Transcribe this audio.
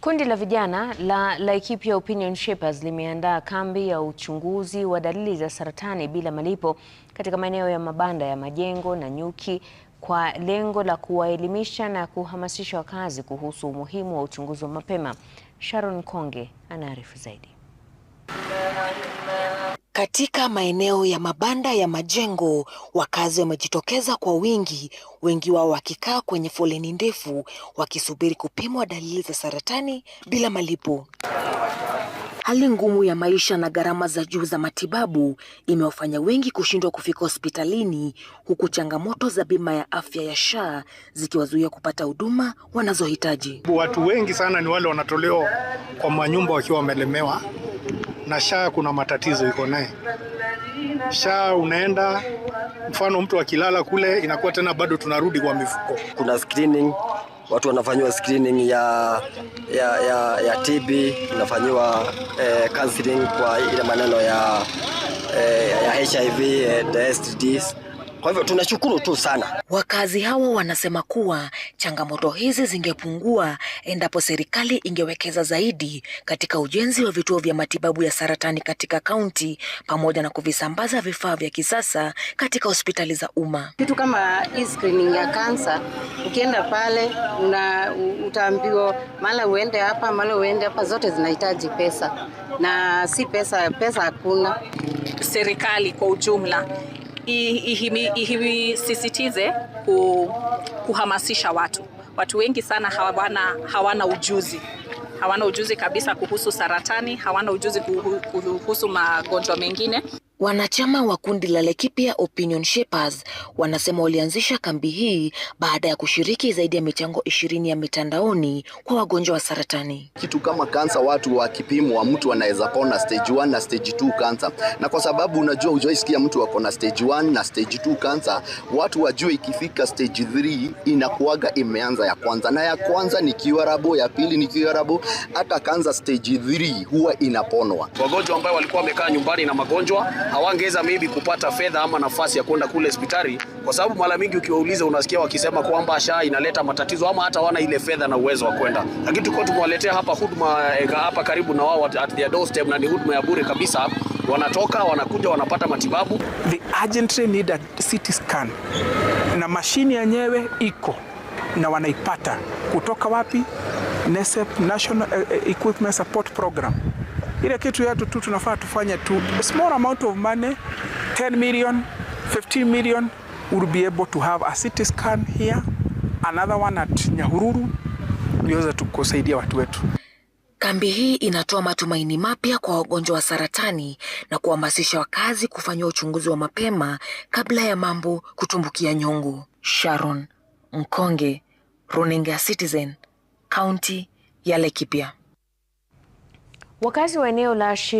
Kundi la vijana la Laikipia Opinion Shapers limeandaa kambi ya uchunguzi wa dalili za saratani bila malipo katika maeneo ya mabanda ya majengo na nyuki kwa lengo la kuwaelimisha na kuhamasisha wakazi kuhusu umuhimu wa uchunguzi wa mapema. Sharon Konge anaarifu zaidi. Katika maeneo ya mabanda ya majengo, wakazi wamejitokeza kwa wingi, wengi wao wakikaa kwenye foleni ndefu wakisubiri kupimwa dalili za saratani bila malipo. Hali ngumu ya maisha na gharama za juu za matibabu imewafanya wengi kushindwa kufika hospitalini, huku changamoto za bima ya afya ya SHA zikiwazuia kupata huduma wanazohitaji. Watu wengi sana ni wale wanatolewa kwa manyumba wakiwa wamelemewa na SHA kuna matatizo iko naye. SHA unaenda mfano mtu akilala kule inakuwa tena bado tunarudi kwa mifuko. Kuna screening, watu wanafanyiwa screening ya, ya, ya, ya TB unafanyiwa eh, counseling kwa ile maneno ya, eh, ya HIV and eh, STDs. Kwa hivyo tunashukuru tu sana. Wakazi hao wanasema kuwa changamoto hizi zingepungua endapo serikali ingewekeza zaidi katika ujenzi wa vituo vya matibabu ya saratani katika kaunti pamoja na kuvisambaza vifaa vya kisasa katika hospitali za umma. Kitu kama hii screening ya kansa, ukienda pale una utaambiwa mala uende hapa, mala uende hapa, zote zinahitaji pesa na si pesa, pesa hakuna. Serikali kwa ujumla ihimisisitize kuhamasisha watu. Watu wengi sana hawana, hawana ujuzi hawana ujuzi kabisa kuhusu saratani, hawana ujuzi kuhusu magonjwa mengine. Wanachama wa kundi la Laikipia Opinion Shapers wanasema walianzisha kambi hii baada ya kushiriki zaidi ya michango ishirini ya mitandaoni kwa wagonjwa wa saratani. Kitu kama kansa, watu wakipimwa, mtu anaweza pona stage 1 na stage 2 kansa, na kwa sababu unajua ujaisikia mtu ako na stage 1 na stage 2 kansa, watu wajue ikifika stage 3 inakuaga imeanza ya kwanza, na ya kwanza ni curable, ya pili ni curable. Hata kansa stage 3 huwa inaponwa. Wagonjwa ambao walikuwa wamekaa nyumbani na magonjwa hawangeweza maybe kupata fedha ama nafasi ya kwenda kule hospitali, kwa sababu mara mingi ukiwauliza unasikia wakisema kwamba SHA inaleta matatizo ama hata wana ile fedha na uwezo wa kwenda, lakini tuko tumewaletea hapa huduma eh, hapa karibu na wao at their doorstep, na ni huduma ya bure kabisa. Wanatoka wanakuja wanapata matibabu. They urgently need a CT scan na mashini yenyewe iko na wanaipata kutoka wapi? NESEP, National eh, eh, Equipment Support Program ile kitu yetu tu tunafaa tufanye tu small amount of money 10 million 15 million would be able to have a CT scan here another one at Nyahururu niweza tukusaidia watu wetu. Kambi hii inatoa matumaini mapya kwa wagonjwa wa saratani na kuhamasisha wakazi kufanyia uchunguzi wa mapema kabla ya mambo kutumbukia nyongo. Sharon Mkonge, Runinga Citizen, kaunti ya Laikipia. Wakazi wa eneo la shiri